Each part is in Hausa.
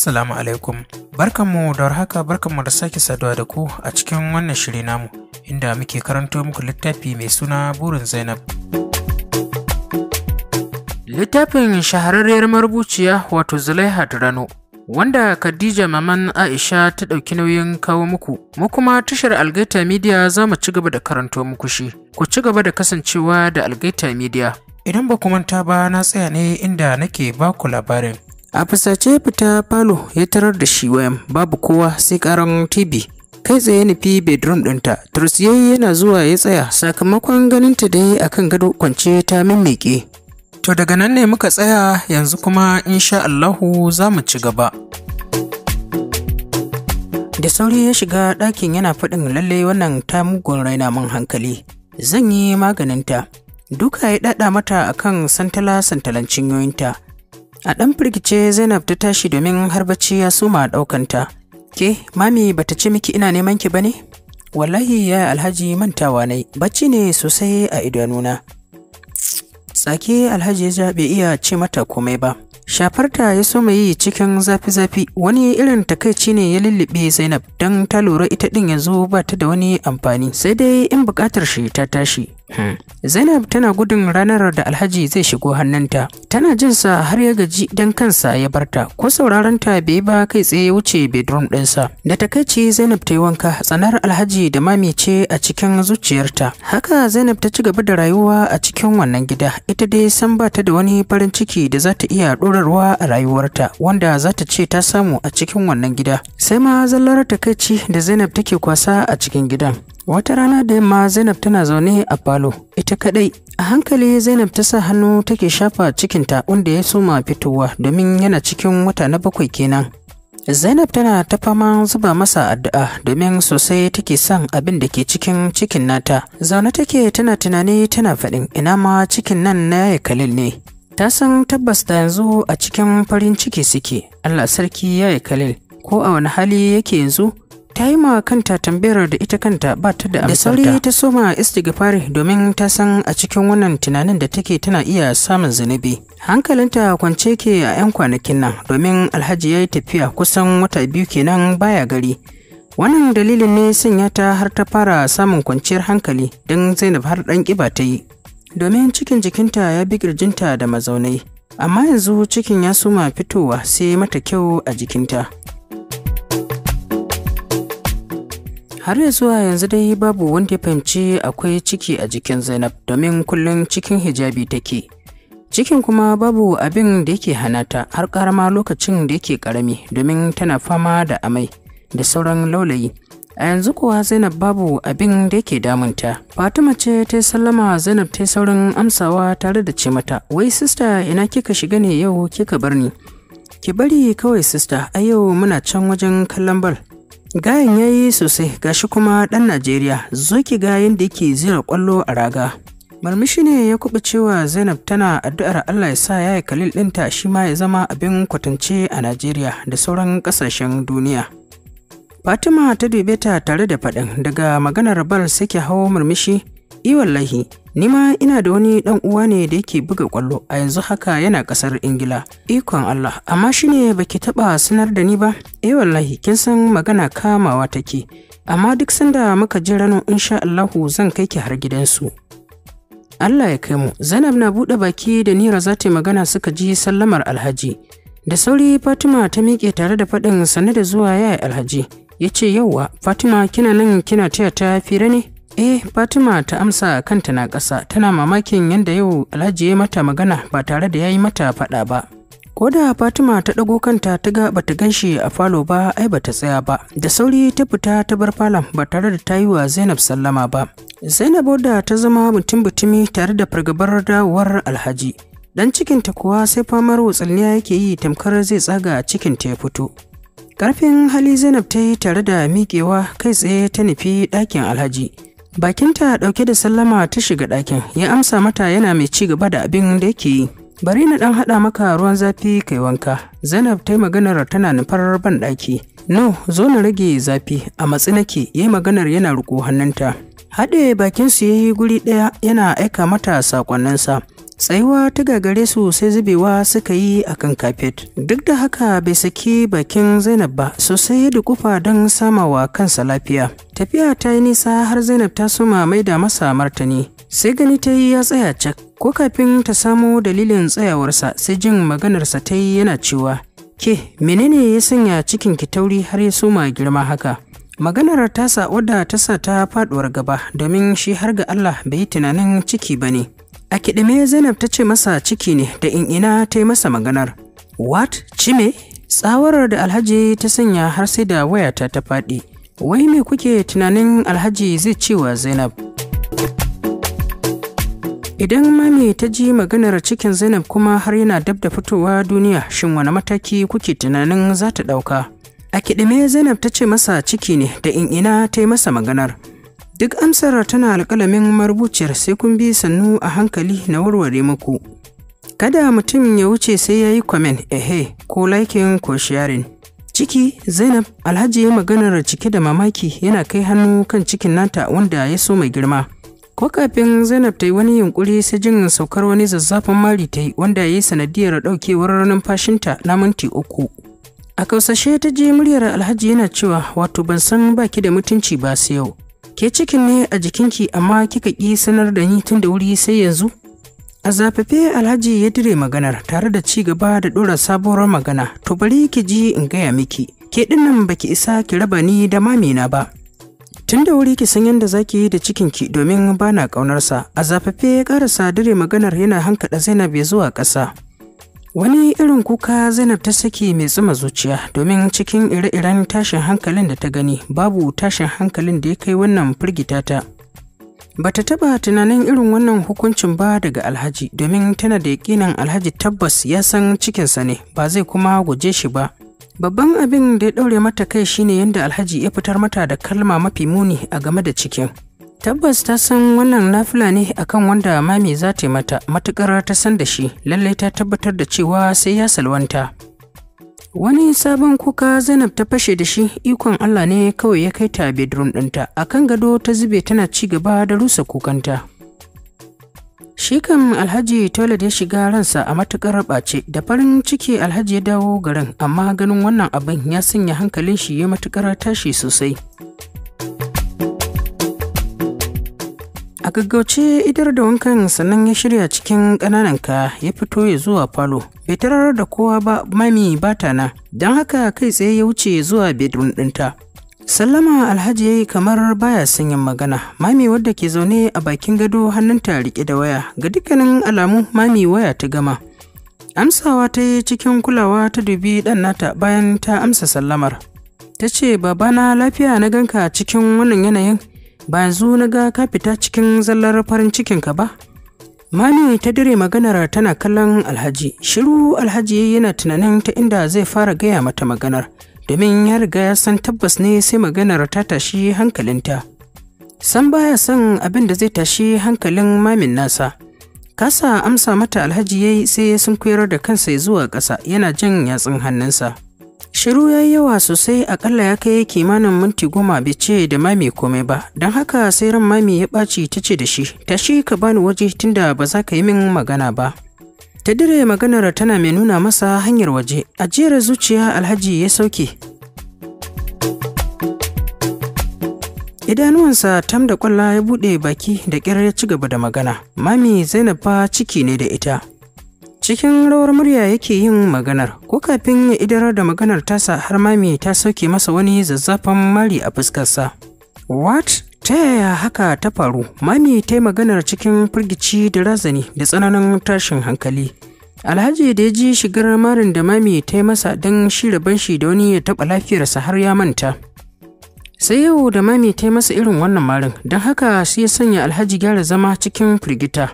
Assalamu alaikum. Barkanmu da warhaka barkanmu da sake saduwa da ku a cikin wannan shiri namu inda muke karanto muku littafi mai suna burin Zainab. Littafin shahararriyar marubuciya wato Zulaiha Rano wanda Khadija Maman Aisha ta ɗauki nauyin kawo muku. Mu kuma tashar Algaita Media za mu ci gaba da karanto muku shi. Ku ci gaba da kasancewa da Algaita Media. Idan ba ku manta ba na tsaya ne inda nake ba ku labarin. a fusace fita falo ya tarar da shi wayan babu kowa sai karan tv kai tsaye nufi bedroom ɗinta yayi yana zuwa ya tsaya sakamakon ganinta dai akan gado kwance ta mimmiƙe to daga nan ne muka tsaya yanzu kuma insha Allahu za mu ci gaba da sauri ya shiga ɗakin yana faɗin lalle wannan ta mugun raina min hankali zan yi maganinta duka ya ɗaɗa mata akan santala santalan cinyoyinta A ɗan firgice Zainab ta tashi domin harbaci ya suma ɗaukanta. Ke, mami bata ce miki ina neman ki bane? Wallahi ya alhaji mantawa nai, bacci ne sosai a idanuna. Tsaki alhaji ya bai iya ce mata komai ba. Shafarta ya so yi cikin zafi-zafi wani irin takaici ne ya lullube Zainab don ta lura ita ɗin yanzu ba ta da wani amfani sai dai in buƙatar shi ta tashi Zainab tana gudun ranar da Alhaji zai shigo hannunta. Tana jinsa har ya gaji dan kansa ya barta. Ko sauraron ta bai ba kai tsaye ya wuce bedroom ɗinsa. Da takaici Zainab ta yi wanka tsanar Alhaji da mami ce a cikin zuciyarta. Haka Zainab ta ci gaba da rayuwa a cikin wannan gida. Ita dai san ba ta da wani farin ciki da za ta iya ɗorarwa a rayuwarta wanda za ta ce ta samu a cikin wannan gida. Sai ma zallar takaici da Zainab take kwasa a cikin gidan. Wata rana da yamma Zainab tana zaune a falo ita kadai. A hankali Zainab ta sa hannu take shafa cikinta wanda ya soma fitowa domin yana cikin wata na bakwai kenan. Zainab tana ta fama zuba masa addu'a domin sosai take son abin da ke cikin cikin nata. Zaune take tana tunani tana faɗin ina ma cikin nan na ya kalil ne. Ta san tabbas da yanzu a cikin farin ciki suke. Allah sarki ya kalil ko a wani hali yake yanzu ta yi ma kanta tambayar da ita kanta ba ta da amsarta da sauri ta soma istighfari domin ta san a cikin wannan tunanin da take tana iya samun zunubi hankalinta kwance ke a 'yan kwanakin nan domin alhaji ya yi tafiya kusan wata biyu kenan baya gari wannan dalilin ne sanya ta har ta fara samun kwanciyar hankali don zainab har ɗan ƙiba ta yi domin cikin jikinta ya bi ƙirjinta da mazaunai amma yanzu cikin ya suma fitowa sai mata kyau a jikinta har ya zuwa yanzu dai babu wanda ya fahimci akwai ciki a jikin zainab domin kullum cikin hijabi take cikin kuma babu abin da yake hana ta har karama lokacin da yake karami domin tana fama da amai da sauran laulayi a yanzu kuwa zainab babu abin da yake damunta fatima ce ta sallama zainab ta saurin amsawa tare da ce mata wai sista ina kika shiga ne yau kika bar ni ki bari kawai sista a yau muna can wajen kallon bal Gayan ya yi sosai gashi kuma ɗan Najeriya zo ki ga yadda yake zira ƙwallo a raga. Marmishi ne ya kuɓi cewa Zainab tana addu'ar Allah ya sa ya yi kalil ɗinta shi ma ya zama abin kwatance a Najeriya da sauran ƙasashen duniya. Fatima ta dube ta tare da faɗin daga maganar bal sake ki hawo murmushi I eh, wallahi, ni ma ina da wani ɗan uwa ne da yake buga kwallo a yanzu haka yana kasar Ingila. Ikon Allah, amma shi ne baki taɓa sanar da ni ba? E wallahi, kin san magana kamawa take. Amma duk sanda muka ji ranar insha Allahu zan kai ki har gidansu. Allah ya kai mu, Zainab na buɗe baki da Nira za ta magana suka ji sallamar Alhaji. Da sauri Fatima ta miƙe tare da faɗin sane da zuwa yaya Alhaji. Ya ce yauwa, Fatima kina nan kina taya ta fira ne? Eh, Fatima ta amsa kanta na ƙasa tana mamakin yadda yau Alhaji ya mata magana ba tare da ya yi mata faɗa ba. Ko da Fatima ta ɗago kanta ta ga bata gan shi a falo ba ai bata tsaya ba, da sauri ta fita ta bar falon ba tare da ta yi wa Zainab sallama ba. Zainab da ta zama mutum butumi tare da fargabar dawowar Alhaji. Dan cikinta kuwa sai famar wutsalniya yake yi tamkar zai tsaga cikinta ya fito. Ƙarfin hali Zainab ta yi tare da miƙewa kai tsaye ta nufi ɗakin Alhaji. bakinta ɗauke da sallama ta shiga ɗakin ya amsa mata yana mai ci gaba da abin da yake yi bari na ɗan haɗa maka ruwan zafi kai wanka zainab ta yi maganar tana nufar ban ɗaki no zo na rage zafi a matsi nake ya yi maganar yana ruko hannunta haɗe bakinsu ya yi guri ɗaya yana aika mata saƙonninsa tsayuwa ta gagare su sai zubewa suka yi a kan kafet duk da haka bai saki bakin zainab ba sosai ya dukufa don samawa kansa lafiya tafiya ta yi nisa har zainab ta suma mai da masa martani sai gani ta yi ya tsaya cak ko kafin ta samo dalilin tsayawarsa sai jin maganarsa ta yi yana cewa ke menene ya sanya cikin ki tauri har ya suma girma haka maganar ta sa wadda ta sa ta faduwar gaba domin shi har ga allah bai yi tunanin ciki ba ne A kiɗime Zainab ta ce masa ciki ne da in ina ta yi masa maganar. What? Cime? Tsawarar da Alhaji ta sanya har sai da wayata ta faɗi. Wai me kuke tunanin Alhaji zai wa Zainab? Idan mami ta ji maganar cikin Zainab kuma har yana dab da fitowa duniya shin wani mataki kuke tunanin za ta ɗauka? A kiɗime Zainab ta ce masa ciki ne da in ina ta yi masa maganar. Duk amsar tana alƙalamin marubuciyar sai kun bi sannu a hankali na warware muku. Kada mutum ya wuce sai ya yi kwamen ehe ko laikin ko sharing. Ciki Zainab Alhaji ya maganar cike da mamaki yana kai hannu kan cikin nata wanda ya so mai girma. Ko kafin Zainab ta yi wani yunkuri sai jin saukar wani zazzafin mari ta yi wanda ya yi sanadiyar ɗaukewar fashinta na minti uku. A kausashe ta je muryar Alhaji yana cewa wato ban san baki da mutunci ba sai yau. ke cikin ne a jikinki amma kika ƙi sanar da ni tun da wuri sai yanzu a zafafe alhaji ya dire maganar tare da ci gaba da ɗora sabuwar magana to bari ki ji in gaya miki ke dinnan baki isa ki raba ni da mamina ba tun da wuri ki san yadda zaki yi da cikinki domin ba bana ƙaunarsa a zafafe ya ƙarasa dire maganar yana hankaɗa zainab ya zuwa ƙasa Wani irin kuka Zainab ta saki mai tsuma zuciya domin cikin ire-iren tashin hankalin da ta gani babu tashin hankalin da ya kai wannan firgita ta. Bata taba tunanin irin wannan hukuncin ba daga Alhaji domin tana da yakinan Alhaji tabbas ya san cikinsa ne ba zai kuma guje shi ba. Babban abin da ya ɗaure mata kai shine yadda Alhaji ya fitar mata da kalma mafi muni a game da cikin. tabbas ta san wannan na fulani ne akan wanda mami za ta mata matuƙar ta san da shi lallai ta tabbatar da cewa sai ya salwanta wani sabon kuka zainab ta fashe da shi ikon allah ne kawai ya kai ta bedroom ɗinta akan gado ta zube tana ci gaba da rusa kukanta shi kan alhaji toilet ya shiga ransa a matukar ɓace da farin ciki alhaji ya dawo garin amma ganin wannan abin ya sanya hankalin shi ya matuƙar tashi sosai a gaggauce idar da wankan sannan ya shirya cikin ƙananan ka ya fito ya zuwa falo bai tarar da kowa ba mami ba ta na." don haka kai tsaye ya wuce zuwa bedroom ɗinta sallama alhaji ya yi kamar baya son yin magana mami wadda ke zaune a bakin gado hannun ta riƙe da waya ga dukkanin alamu mami waya ta gama amsawa ta yi cikin kulawa ta dubi ɗan nata bayan ta amsa sallamar ta ce babana lafiya na ganka cikin wannan yanayin ba yanzu na ga ka fita cikin zallar farin cikinka ba Mami ta dire maganar tana kallon alhaji shiru alhaji yana tunanin ta inda zai fara gaya mata maganar domin ya riga ya san tabbas ne sai maganar ta tashi hankalinta san baya son abin da zai tashi hankalin mamin nasa kasa amsa mata alhaji yayi sai sun koyar da kansa zuwa ƙasa yana jin yatsun hannunsa Shiru ya yi yawa sosai akalla ya kai kimanin minti goma bai ce da mami komai ba, don haka sai ran mami ya ɓaci ta ce da shi, "Ta shi ka bani waje tunda ba za ka yi min magana ba. Ta dire maganar tana mai nuna masa hanyar waje, ajiyar zuciya alhaji ya sauke. Idanuwansa tam da kwalla ya buɗe baki da ƙyar ya ci gaba da magana, mami Zainab ba ciki ne da ita, cikin rawar murya yake yin maganar ko kafin ya idarar da maganar tasa har mami ta sauke masa wani zazzafan mari a fuskarsa what ta yaya haka ta faru mami ta yi maganar cikin firgici da razani da tsananin tashin hankali alhaji da ya ji shigar marin da mami ta yi masa don shi ban shi da wani ya taɓa lafiyarsa har ya manta sai yau da mami ta yi masa irin wannan marin don haka sai ya sanya alhaji gyara zama cikin firgita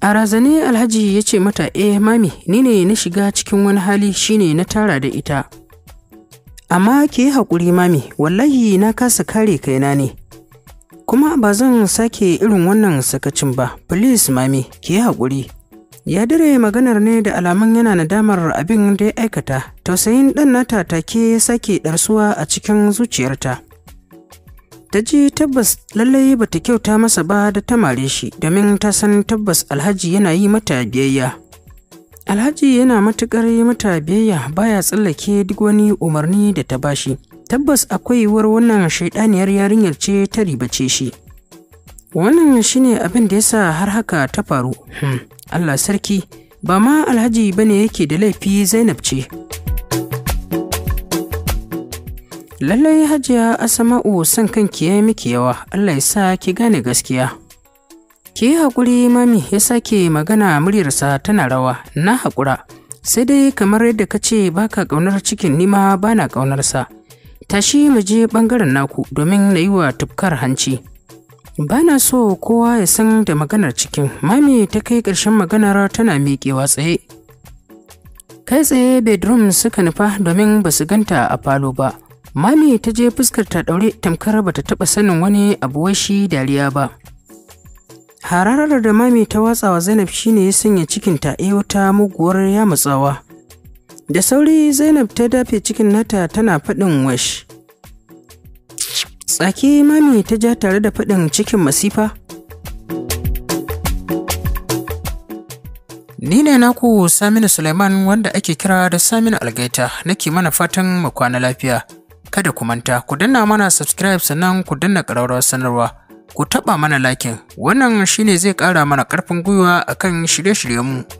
a razane alhaji ya ce mata eh mami ni ne na shiga cikin wani hali shine na tara da ita amma kiyi yi haƙuri mami wallahi na kasa kare kaina ne kuma ba zan sake irin wannan sakacin ba please mami Kiyi yi haƙuri ya dare maganar ne da alamun yana nadamar abin da ya aikata tausayin ɗan nata take sake ɗarsuwa a cikin zuciyarta ta ji tabbas lallai bata kyauta masa ba da ta mare shi domin ta san tabbas alhaji yana yi mata biyayya alhaji yana matuƙar yi mata biyayya baya tsallake duk wani umarni da ta bashi tabbas akwai war wannan shaidaniyar yarinyar ce ta ribace shi wannan shine abin da yasa har haka ta faru hmm, allah sarki ba ma alhaji bane yake da laifi zainab ce lallai hajiya asama'u san kan ya miki yawa allah ya sa ki gane gaskiya ki yi haƙuri mami ya sake magana muryarsa tana rawa na haƙura sai dai kamar yadda ka ce ba ka ƙaunar cikin nima ba na ƙaunarsa tashi mu je ɓangaren naku domin na yi wa tufkar hanci ba na so kowa ya san da maganar cikin mami ta kai ƙarshen maganar tana miƙewa tsaye kai tsaye bedroom suka nufa domin ba su ganta a falo ba Mami ta je fuskar ta ɗaure tamkar ba ta taɓa sanin wani abu shi dariya ba. Hararar da mami ta watsawa Zainab shi ne ya sanya ta ya eh, wata muguwar matsawa. Da sauri Zainab ta dafe cikin nata tana faɗin wash. Tsaki mami ta ja tare da faɗin cikin masifa. Ni ne naku Saminu Suleiman wanda ake kira da Saminu Algaita, nake mana fatan mu kwana lafiya. kada ku manta ku danna mana subscribe sannan ku danna ƙararrawar sanarwa ku taɓa mana lakin wannan shine zai ƙara mana ƙarfin gwiwa akan shirye-shiryenmu